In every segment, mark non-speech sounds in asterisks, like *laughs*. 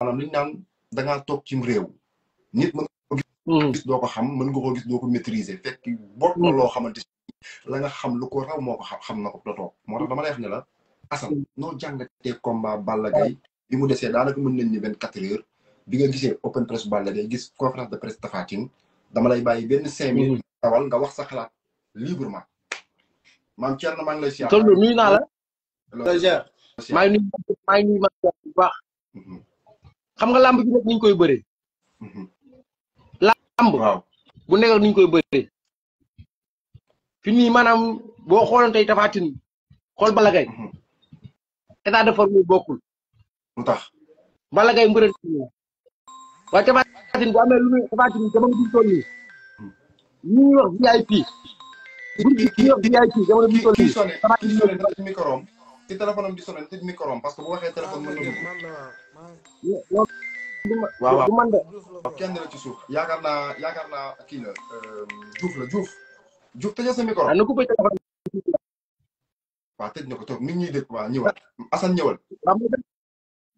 maanaam li ñu naan da ngaa toog cim réew. nit mën nga mm. gis doo ko xam mën nga ko gis doo ko maîtriser fekk bokk na mm. loo xamante la nga xam lu ko raw moo ko xam na ko da toog moo tax dama lay wax ne la Assane mm. noo jàngatee combat Balla Gaye bi mu desee daanaka mën nañ ni vingt quatre heures bi nga gisee open press Balla gis conférence de presse Tapha dama lay bàyyi benn cinq minutes nga wax saxla xalaat librement maam Thierno maa ngi lay siyaar tollu nuyu naa la maa ngi nuyu maa ngi nuyu bu xam nga làmb ji nekk niñ koy bëree. Mhm. làmb bu nekk koy bëree. fi nii maanaam boo xooloon tey Tapha Tine xool Balla Gaye mhm. état de forme bokkul. lu tax Balla Gaye mbërë waaye Tapha Tine bu amee lu muy Tapha Tine jamono bi ñu toll nii mhm. ñu ngi wax VIP. bu ñu wax VIP ci téléphone am di sonné parce que bu waxee téléphone mën na. Ah, waaw waaw man de. kenn la ci suuf yaakaar naa yaakaar naa kii la euh, Diouf la Diouf. Diouf tëjee sa micro. Ah, waaw tëj na ko toog mi ngi ñuy ñëwal Assane ñëwal. waaw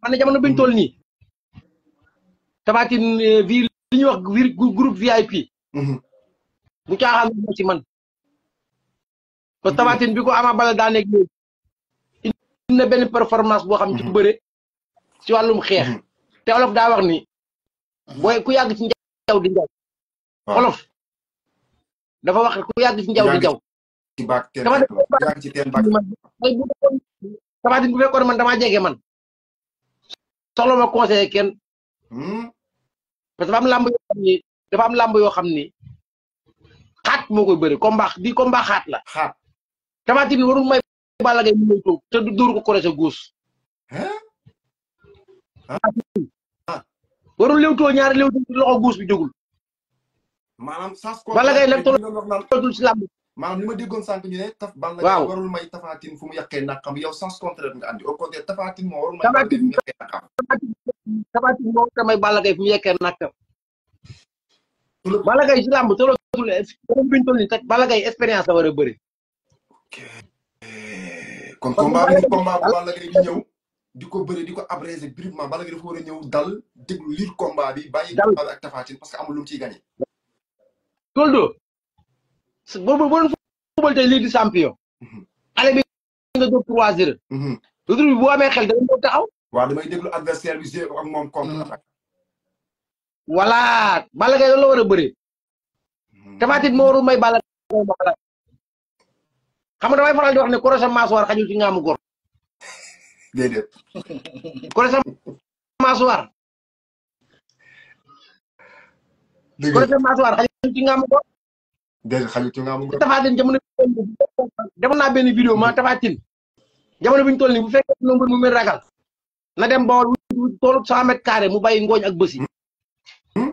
man de jamono bi ñu toll nii. Tapha Tine euh, li ñuy wax vi groupe VIP. bu mhm. caaxaan ci man. parce que Tapha Tine bi ko na benn performance boo xam ci bëre ci wàllum xeex mhm. te olof daa wax ni ku yàgg ci njaw di njaw olof dafa wax ku yàgg ci njaw di njaw Tapha Tine bu fekkoon man damaa jege man soxla ma conseiller kenn hmm? parce que dafa am làmb yoo xam ni dafa am làmb yoo xam ni xaat moo koy bëri combat di combat xaat la Tapha Tine warul may Balla Gaye mu ngi toog te du dóor ko corrigé guus. ah. warul léwtoo ñaari léwtoo loxo guus bi jógul. maanaam sas ko Balla Gaye ma déggoon sànq ñu ne. taf Balla warul may tafaatin fu mu yàqee naqam yow sens contraire nga andi au tafaatin moo warul may. tafaatin fu fu mu yàqee naqam. Balla Gaye si làmb tolloo si làmb bi ñu toll nii Balla a kon combat bi combat di ñëw di ko bëri di ko abrégé brièvement ma Gaye dafa war a ñëw dal déglu lire combat bi bàyyi combat ak Tapha Tine parce que amul lu mu ciy gagné Goldo boo boo doon football di champion mhm. ale bi nga jóg trois zéro mhm. retour bi boo amee xel da nga taxaw waaw damay déglu adversaire bi jeu ak moom contre mhm. voilà Balla Gaye loolu la war a bëri Tapha Tine moo warul may Balla xam nga damay faral di wax ne korosé masuwaar xajul ci ngaamu góor. déedéet. korosé masuwaar. dëgg la korosé masuwaar xajul ci ngaamu góor. déedéet xajul ci benn vidéo ma bi ñu toll nii bu fekkee ne mbër mu mel ragal na Bawol wu toolu cent mu bàyyi ngooñ ak bësi. Hmm?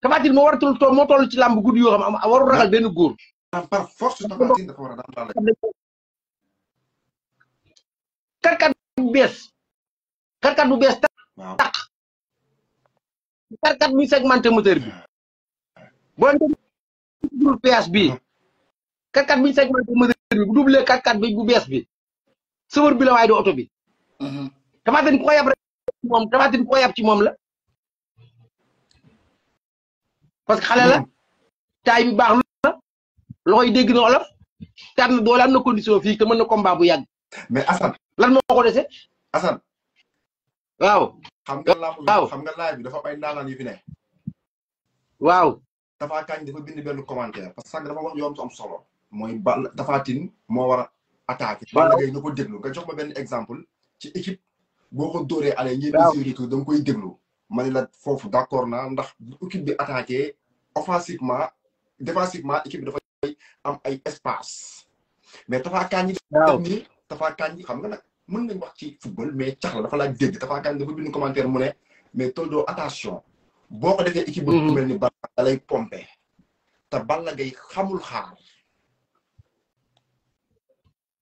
Tapha Tine moo waratul tool ci làmb guddi yoo xam warul ragal benn góor. maanaam par force Tafatine dafa war a daan Balla Gaye. karkat bu bees. karkat bu bees tàq. karkat buy segmenté bi. boo demee bi. karkat buy segmenté moteur bi bu doublé karkat bi bu bees bi. sëwër bi la waaye oto bi. Mhm. Tafatine ko rek moom Tafatine ci moom la. parce que xale taay bi baax loxoy dégg na olof te am na doole am condition fii te mën na combat bu yàgg. mais assan lan moo ko dese. Assane. waaw. xam nga laa xam nga laal bi dafa am ay ndaanaan yu fi ne. waaw. Tapha Kandji dafa bind benn commentaire parce que dafa wax yoon su am solo. mooy ba Tapha Tine moo war a attaqué. Balla Gaye na ko nga jox ma benn exemple ci équipe. boo ko dóoree ale ñi surtout da koy déglu ma ne la foofu d'accord na ndax équipe bi attaqué offensivement défensivement équipe bi dafa am ay espace mais Tapha Kandji def nii Tapha Kandji xam nga nag mën nañ wax ci football mais cax la dafa laaj dégg Tapha Kandji dafa bind commentaire mu ne mais Toldo attention boo ko defee équipe bu mhm. mel ni Balla da lay pompe te Balla Gaye xamul xaar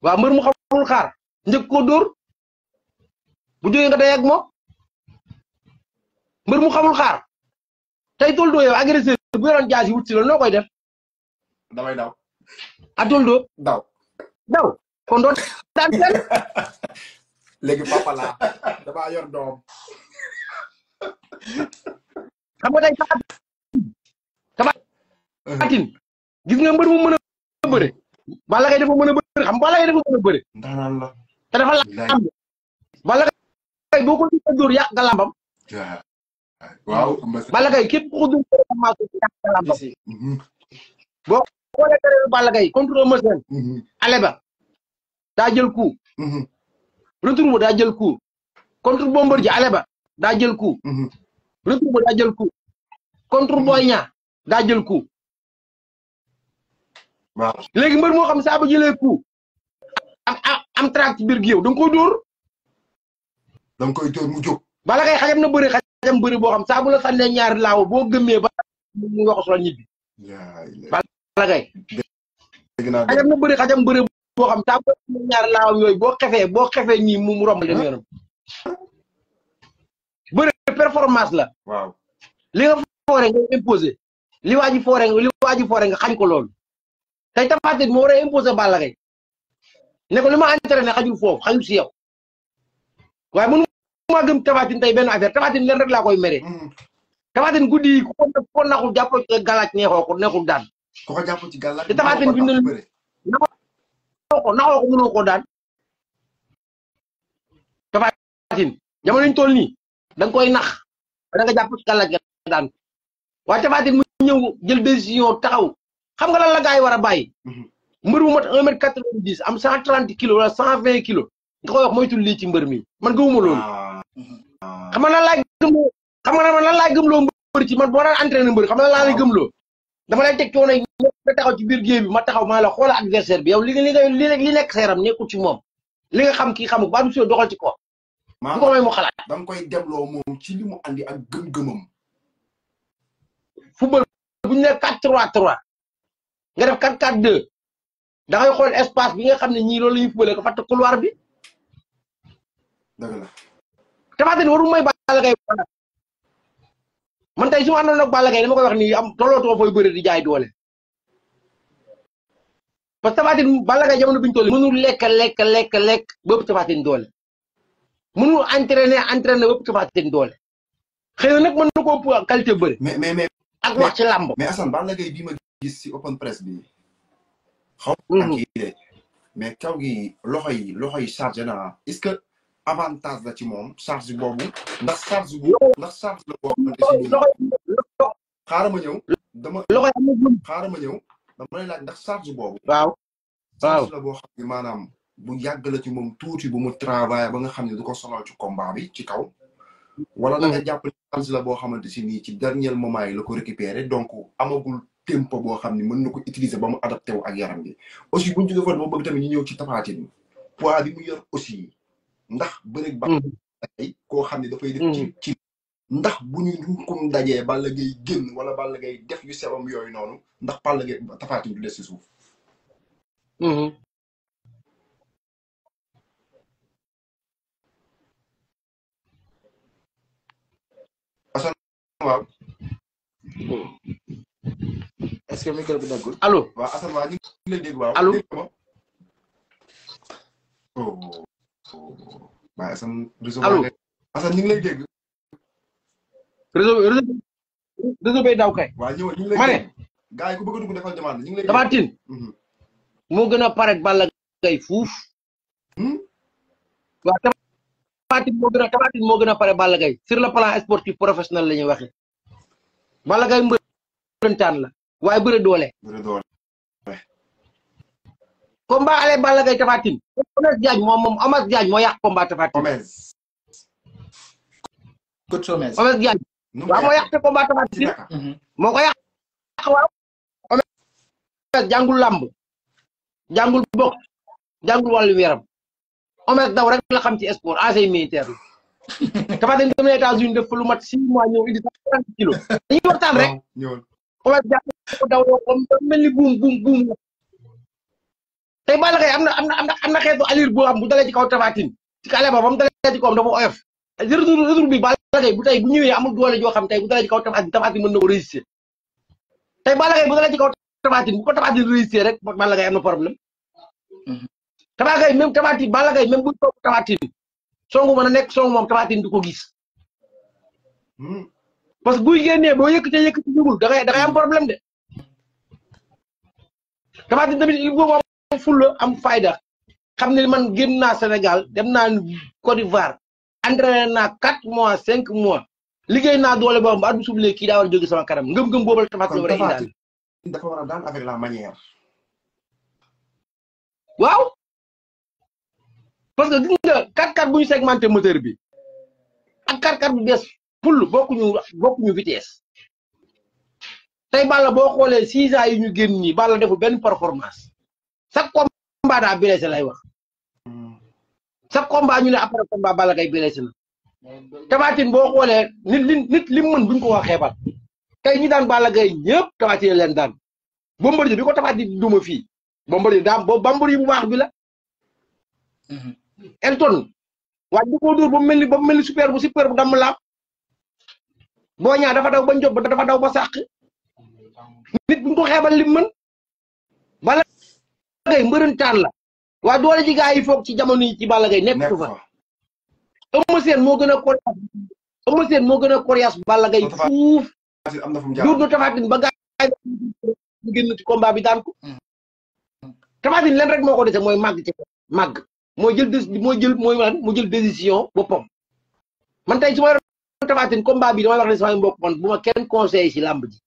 waaw mbër mu xamul xaar njëkk ko dóor bu jógee nga day ak moom mbër mu xamul xaar tey Toldo yow bu yoroon jaasi wut si la noo koy def atul dóor. daw daw kon doo daan kenn. *laughs* léegi papa laa damaa yor doom. xam nga tey Tapha uh-huh. Tine gis nga mbër mu mën a bëre. Balla Gaye dafa mën a bëre xam Balla Gaye dafa mën a bëre. te dafa làmb. Balla Gaye boo ko gisee dóor yàq nga làmbam. waaw. Balla Gaye képp ku xoolee carrière Balla Gaye contre Machine. Mhm. ale ba daa jël coup. Mhm. retour ba daa jël coup. contre Bombardier ale ba daa jël coup. Mhm. retour ba daa jël coup. contre Boy Niang daa jël coup. waaw léegi mbër moo xam saa ba jëlee coup. am am tract biir gi yow da nga koy dóor. da nga koy dóor mu xajam na bëri xajam bëri boo xam saa bu la sànnee ñaari laaw boo gëmmee ba mu wax soo ñibbi. Balla Gaye xajam na bëri xajam bëri boo xam ta ñaar laawam yooyu boo xefee boo xefee ñii mu romb leen yoonam bëri performance la waaw li foore nga li waaji foore nga li waaji foore nga xañ ko lool tey Tapha Tine moo war a imposé Balla Gaye ne ko li ma entraîné xajul foofu xajul si yow waaye mënu maa gëm Tapha Tine tey benn affaire Tapha Tine leen koy mere mm-hmm. Tapha Tine guddi ko naxul jàppoo galaaj neexoo ko neexul daan ku ko ci gàllankoor te Tapha Tine bindal naxoo ko naxoo ko mënoo koo daan. Tapha Tine jamono ñu koy nax da nga jàpp ci gàllankoor daan waaye Tapha Tine mu ñëw jël décision taxaw xam nga lan la gars yi war a bàyyi. Mhm. mbër bu mot un quatre vingt dix am cent trente kilo wala cent vingt kilos nga koy wax moytul ci mbër mi man gëmuma loolu. Ah. xam nga lan laay gëmloo xam nga lan laay gëmloo mbër ci man boo daan entraîné mbër xam nga lan laay gëmloo. dama lay teg coono yi nga taxaw ci biir géej bi ma taxaw ma la xoola adversaire bi yow li li nga li nekk seeram nekkul ci moom li nga xam kii xamul ba am soo doxal ci ko bu ko may mu xalaat dama koy demloo moom ci li mu andi ak gëm-gëmam football bu ñu ne quatre trois trois nga def quatre quatre deux da ngay xool espace bi nga xam ne ñii loolu la ñuy footballé ko fàtte couloir bi dëgg la Tapha Tine waru may Balla Gaye man tey su ma àndoon ak Balla Gaye dama koy wax ni am tollootuma fooy bëri di jaay doole parce que Tapha Tine Balla Gaye jamono bi ñu toll mënul lekk lekk lekk lekk bëpp Tapha Tine doole mënul entraîner entraîner bëpp Tapha Tine doole xëy na nag mën na koo pour qualité bëri. mais mais mais ak wax ci làmb. mais Assane Balla Gaye bii ma gis si open press bi xaw ma. Mhm. mais kaw gi loxo yi loxo yi chargé est que. avantage la ci moom charge boobu ndax charge bu ndax charge la boo xamante si xaaral ma ñëw dama xaaral ma ñëw dama lay ndax charge boobu waaw charge la boo xam ne maanaam bu yàgg ci moom tuuti bu mu travail ba nga xam ne du ko sonal ci bi ci kaw wala da hmm. jàpp ne la boo xamante si nii ci dernier moment yi la ko récupérer donc amagul tempo boo xam ne mën na ko utiliser ba mu adapté wu ak yaram bi aussi buñ jóge fa ma bëgg tamit ñu ñëw ci Tapha Tine poids bi mu yor aussi ndax bëreeg ba mm. ko xam ne dafay def mm. ci ndax bu ñu duñkom dajee Balla Gaye génn wala Balla Gaye def yu sewam yooyu noonu ndax Balla Gaye Tapha du des si suuf mm-hmm. waaw est-ce que micro bi daggul allo waaw Assane waaw ngi lay dégg waaw allo waaye Assane. allo Assane ñu ngi lay dégg. réseau réseau bay daw kay. waaw ñu ngi lay ma ne. ñu ngi mhm. moo gën a pare Balla Gaye fuuf. Hmm? waaw Tapha Tine moo gën a Tapha gën a pare Balla Gaye sur le plan sportif professionnel la ñuy waxe Balla Gaye mbërëntaan la waaye bëre doole. combat ba Balla Gaye Tapha Tine Omez Diagne moom moom Omez Diagne moo yàq combat Tapha Tine. Omez. coach Omez. Omez Diagne waaw moo yàq combat Tapha Tine. moo ko yàq waaw. daw rek la xam ci sport ancien militaire la. Tapha Tine dem na États-Unis def mois ñëw indi sax rek. tey Balla Gaye am na am na am na xeetu allure boo am bu dalee ci kaw tafatin ci kale ba ba mu dalee oyof retour retour bi Balla Gaye bu tey bu ñëwee amul doole joo xam tey bu dalee ci kaw tafatin tafatin mën na ko résister tey Balla Gaye bu dalee ci kaw bu ko tafatin résister rek Balla Gaye am na problème mhm. Tapha Gaye même tafatin Balla Gaye même bu soogu tafatin songu mën a nekk songu moom tafatin du ko gis hmm. parce que buy génnee boo yëkkatee yëkkati jugul da ngay da ngay am problème de tafatin tamit fulla am fayda xam ne man génn naa Sénégal dem naa Côte d'Ivoire entraîné naa quatre mois cinq mois liggéey naa doole boo xam ba at bu sublee kii war a jóge sama kanam ngëm-ngëm a indaale dafa war a daan parce que gis nga quatre quatre bu ñu segmenté moteur bi ak quatre quatre bu bees ful bokkuñu bokkuñu vitesse tey Balla boo xoolee six ans yi ñu génn nii Balla defu benn performance chaque combat daa blessé lay wax hmm. chaque combat ñu ne après combat Balla Gaye blessé na Tapha boo xoolee nit li nit li mën buñ ko wax xeebal tey ñi daan bala Gaye ñëpp Tapha Tine leen daan yi bi ko Tapha Tine duma fii Bombardier daam boobu Bombardier bu baax bi la hmm. Elton waaye du ko dóor ba mu mel ni ba mu mel ni super bu super bu damm laam boo ñaa dafa daw ba njob dafa daw ba sàq nit buñ ko xeebal lim mën bala Gueye mbërëntaan la waa doole ji gaa yi foog ci jamono yi ci Balla Gueye nekk fa Eumeu Sène moo gën a coriace Eumeu Sène moo gën a coriace Balla Gaye fuuf duut na Tapha Tine ba gaay génn ci combat bi daan ko mm. Mm. Tapha Tine leen rek moo ko dese mooy màgg ci moo mooy jël d mooy jël mooy lan mu jël décision boppam man tey su ma yoroon Tapha bi damay wax ne samay mbokk man kenn conseil ci làmb ji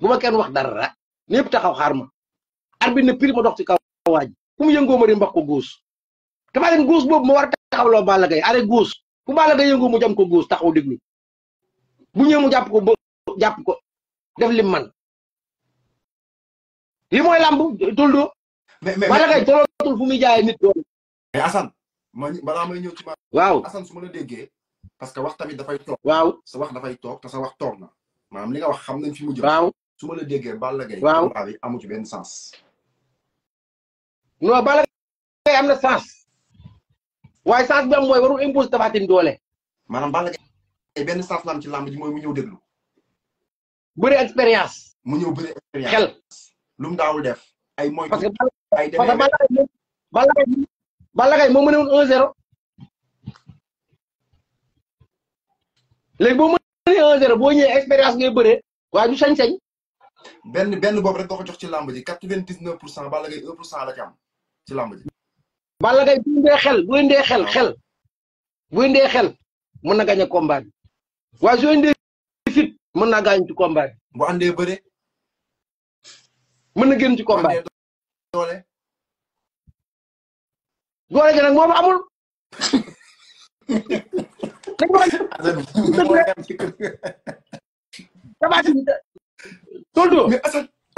bu ma kenn wax dara lépp taxaw xaar ma arbitre ne pire ma dox ci kaw waaj fu mu yëngoo ma di mboq ko guus dafa leen guus boobu ma war a taxawloo Balla Gaye are guus fu Balla Gaye yëngoo mu jam ko guus taxaw déglu bu ñëwee mu jàpp ko ba jàpp ko def lim man li mooy làmb tuldu mais mais Balla Gaye tolootul fu ma balaa may ñëw ci ma. waaw Assane su ma la déggee parce que wax tamit dafay toog. waaw sa wax dafay toog te sa wax toog na maanaam li nga wax xam nañ fi mu jëm. waaw su ma la déggee Balla Gaye. waaw amu ci sens. non Balla Gaye am na sens waaye sens bi am mooy warul imposer Tapha Tine doole. maanaam Balla benn sance la ci làmb ji mooy mu ñëw déglu. bëri expérience. mu ñëw bëri expérience xel. lu mu def ay moytu. parce que ay demee parce que Balla Gaye Balla Gaye moo mënewul 1-0. boo boo ñëwee expérience ngay bëree waaye du sañ-sañ. benn benn boobu rek nga ko jox ci làmb ji quatre-vingt-dix-neuf pour cent Balla Gaye pour cent la ci ci làmb ji. Balla xel bu indee xel xel ah. bu indee xel mën na gañ a combat bi waaye su indee fit mën naa gaañ ci combat bu andee bëre. mën a génn ci combat doole. doole gi nag moom *laughs*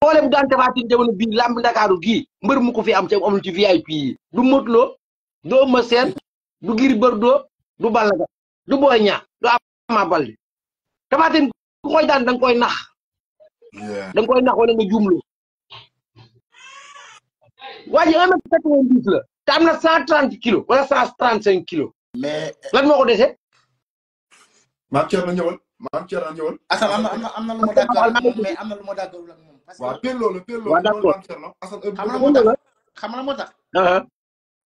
mboolem daan Tapha Tine jamono bii làmb Ndakaaru gii mbër mu ko fi am te amul ci VIP yi du Modou Lo du Eumeu Sène du Gris doo du Balla Gaye du Boy Niang du Ama Baldé Tapha koy nax da koy nax wala nga jumloo waa ji un am na cent trente kilos wala cent trente cinq kilos mais lan moo ko dese maam Thierno ñëwal maam Thierno ñëwal am na am na lu ma dàggal mais waaw teeloo ah, la teeloo loolu am Thierno. xam na moo tax xam na moo tax. Uh-huh.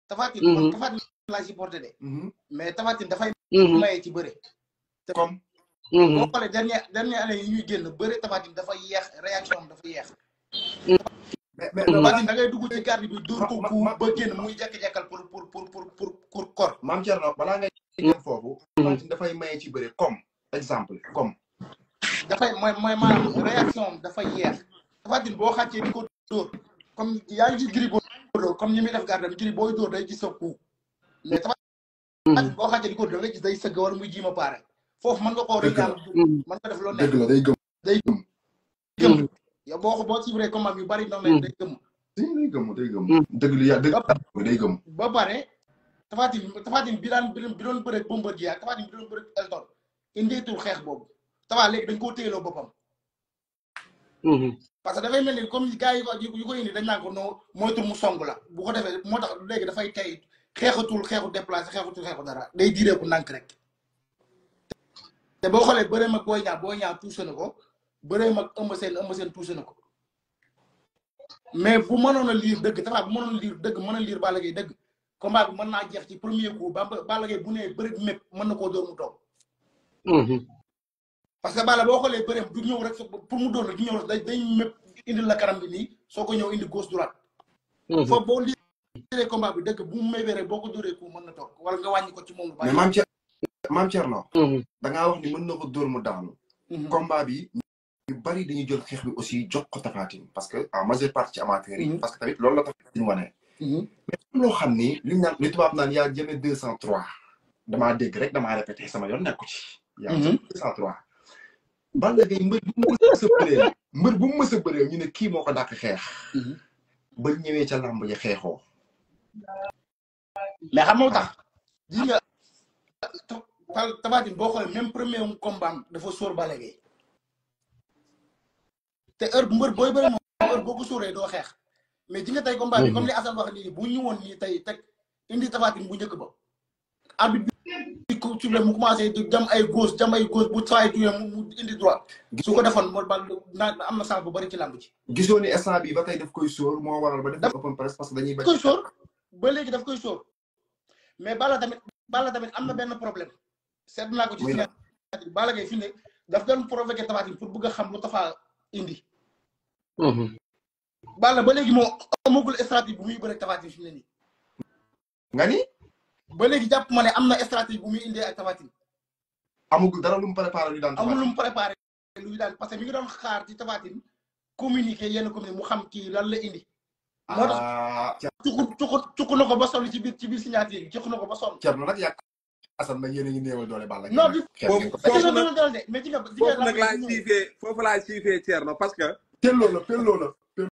Tafaatine man mm-hmm. Tafaatine laa ci porté de. Mm-hmm. mais Tafaatine dafay. Mm-hmm. maye ci bëre. comme. boo xoolee dernière dernière année yi ñuy génn bëre Tafaatine dafa yéex réaction am dafa yéex. mais mais Tafaatine da ngay dugg ci garde bi dóor ku ba génn muy jekk-jekkal pour pour pour pour pour kor. maam Thierno balaa ngay génn foofu. dafay maye ci bëre comme exemple comme. dafay mooy mooy maanaam réaction am dafa Tafatine boo xàccee di ko dóor comme yaa ngi gis Gris Bordeaux comme ni muy def gardam Gris booy dóor day gis sa coup mais Tafatine boo xàccee di ko dóor da ngay gis day sëgg wala muy jiima paare foofu mën nga koo rek daal mën nga def loo nekk dëgg la day gëm day gëm yow boo ko boo suivre combat yu bari noonu day gëm day gëm day gëm mm. dëgg li dëgg day gëm ba pare Tafatine Tafatine bi daan bi doon bëre Bombardier ak Tafatine bi doon bëre Elton indeetul xeex boobu Tafa léegi dañ koo téyeloo boppam mm-hmm. parce que dafay mel ni comme gars yi ko yu ko indi dañ naan ko noo moytul mu song la bu ko defee moo tax léegi dafay tey xeexatul xeexu déplacé xeexatul xeexu dara day diree ko nànk rek. te boo xoolee bëree mag booy ñaar boo ñaar tuuse na ko bëree mag ëmb seen ëmb seen tuuse na ko mais bu mënoon a liir dëgg taxaw bu mënoon liir dëgg mën a liir Balla Gaye dëgg combat bi mën naa jeex ci premier coup ba Balla bu nee bëri mépp mën na koo dóor mu toog. Mhm. parce que Balla boo xolee bëreem bu ñëw rek pour mu doon rek du ñëw rek day day mépp indil la karam bi nii soo ko mhm. boo bu mu méyee rek boo ko dóoree ko mën na toog wala nga ko ci mhm. da ngaa wax ni mën na ko dóor mu daanu. Mhm. combat bi ñu dañuy jël xeex bi aussi jox ko Tafatine parce que en majeure partie amateur yi. parce que loolu la xam ni li ñu naan li tubaab naan yaa jëme deux cent trois damaa dégg rek sama yoon nekku ci. yaa jëme deux cent trois. Balla Gaye mbër bu mu mës mbër bu mu mës a ñu ne kii moo ko dàq xeex mhm. ba ñëwee ca làmb ja xeexoo mais xam nga tax ji nga Tapha Tine boo xoolee même premier combat dafa sóor Balla Gaye te heure mbër booy bëri moom heure boo ko sóoree doo xeex mais ji tey combat bi comme li Assane wax nii bu ñu woon tey teg indi Tapha bu njëkk ba arbitre di ko ci mu commencé di jam ay gauche jam ay gauche bu saa mu indi droit. su ko defoon mooy ba am na sens bu bëri ci làmb ji. gisoo ni instant bi ba tey daf koy sóor moo waral ba def open press parce léegi daf koy sóor mais Balla tamit Balla tamit am na benn problème. seet naa ko ci si laaj Balla Gaye fi ne daf doon provoqué Tapha pour bëgg a xam lu Tapha indi. Mhm. Balla ba léegi moo amagul stratégie bu muy bëri Tapha fi ne nii. nga ni. ba léegi jàpp ma ne am na stratégie bu muy indee a tafatin amul dara lu mu préparé luy daan amul lu mu préparé luy daan parce que mi ngi doon xaar ci tafatin communiqué yenn communiqué mu xam kii lan la indi ah, moo tax cuku cuku cuku ba sonn ci biir ci biir signature yi cuku na ko ba sonn Thierno nag yàgg Assane nag yéen a ngi néewal doole Balla bi foofu nag doole de mais ci nga foofu siifee foofu laay parce que pelloo la pelloo la